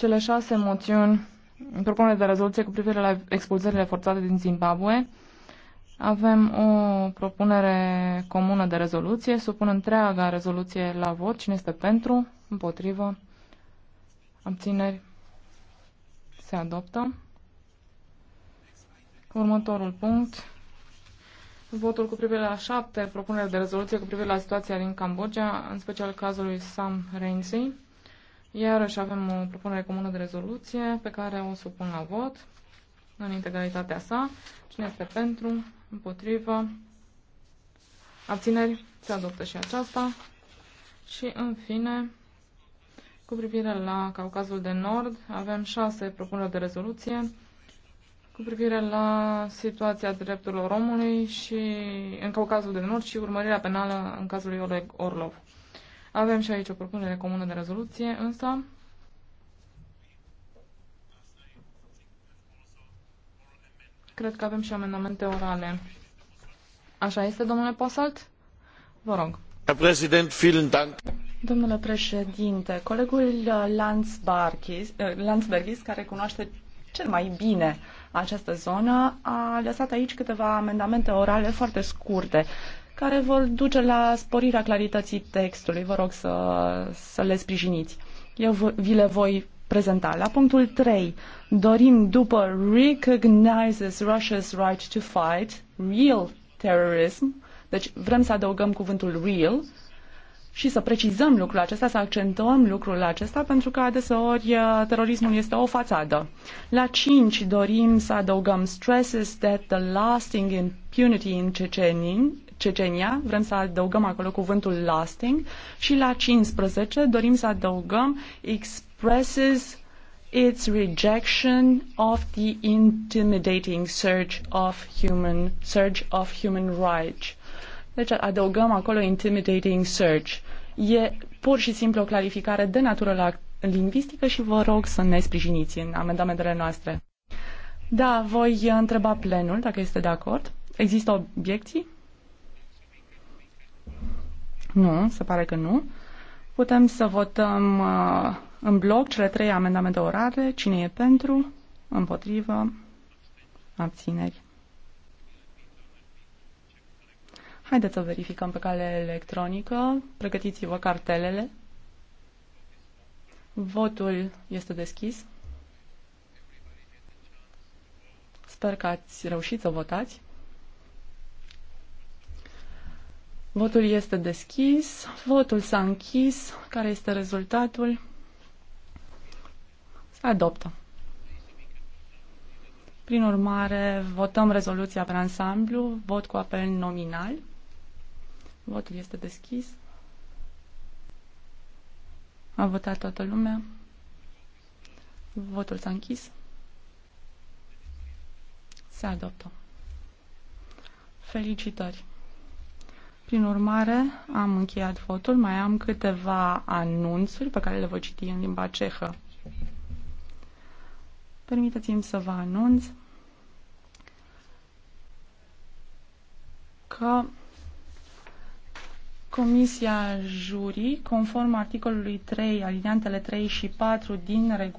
Cele șase moțiuni, propunere de rezoluție cu privire la expulzările forțate din Zimbabwe, avem o propunere comună de rezoluție. Supun întreaga rezoluție la vot. Cine este pentru? Împotrivă? Abțineri? Se adoptă. Următorul punct. Votul cu privire la șapte propuneri de rezoluție cu privire la situația din Cambodgia, în special cazul lui Sam Rainsey. Iarăși avem o propunere comună de rezoluție pe care o supun la vot în integralitatea sa. Cine este pentru? Împotrivă? Abțineri? Se adoptă și aceasta. Și, în fine, cu privire la Caucazul de Nord, avem șase propuneri de rezoluție cu privire la situația drepturilor omului și în Caucazul de Nord și urmărirea penală în cazul lui Oleg Orlov. Avem și aici o propunere comună de rezoluție, însă cred că avem și amendamente orale. Așa este, domnule Posalt? Vă rog. Domnule președinte, colegul eh, Landsbergis, care cunoaște cel mai bine această zonă, a lăsat aici câteva amendamente orale foarte scurte care vor duce la sporirea clarității textului. Vă rog să, să le sprijiniți. Eu vi le voi prezenta. La punctul 3, dorim după recognizes Russia's right to fight real terrorism, deci vrem să adăugăm cuvântul real, și să precizăm lucrul acesta, să accentuăm lucrul acesta, pentru că adeseori uh, terorismul este o fațadă. La cinci dorim să adăugăm stresses that the lasting impunity in Cecenia, Cecenia, vrem să adăugăm acolo cuvântul lasting și la 15 dorim să adăugăm expresses its rejection of the intimidating surge of human surge of human rights. Deci adăugăm acolo intimidating search. E pur și simplu o clarificare de natură lingvistică și vă rog să ne sprijiniți în amendamentele noastre. Da, voi întreba plenul dacă este de acord. Există obiecții? Nu, se pare că nu. Putem să votăm uh, în bloc cele trei amendamente orare. Cine e pentru? Împotrivă? Abțineri? Haideți să verificăm pe cale electronică. Pregătiți-vă cartelele. Votul este deschis. Sper că ați reușit să votați. Votul este deschis, votul s-a închis. Care este rezultatul? Se adoptă. Prin urmare, votăm rezoluția pe ansamblu, vot cu apel nominal. Votul este deschis. A votat toată lumea. Votul s-a închis. Se adoptă. Felicitări! Prin urmare, am încheiat votul. Mai am câteva anunțuri pe care le voi citi în limba cehă. Permiteți-mi să vă anunț că Comisia Jurii, conform articolului 3, alineantele 3 și 4 din regulament,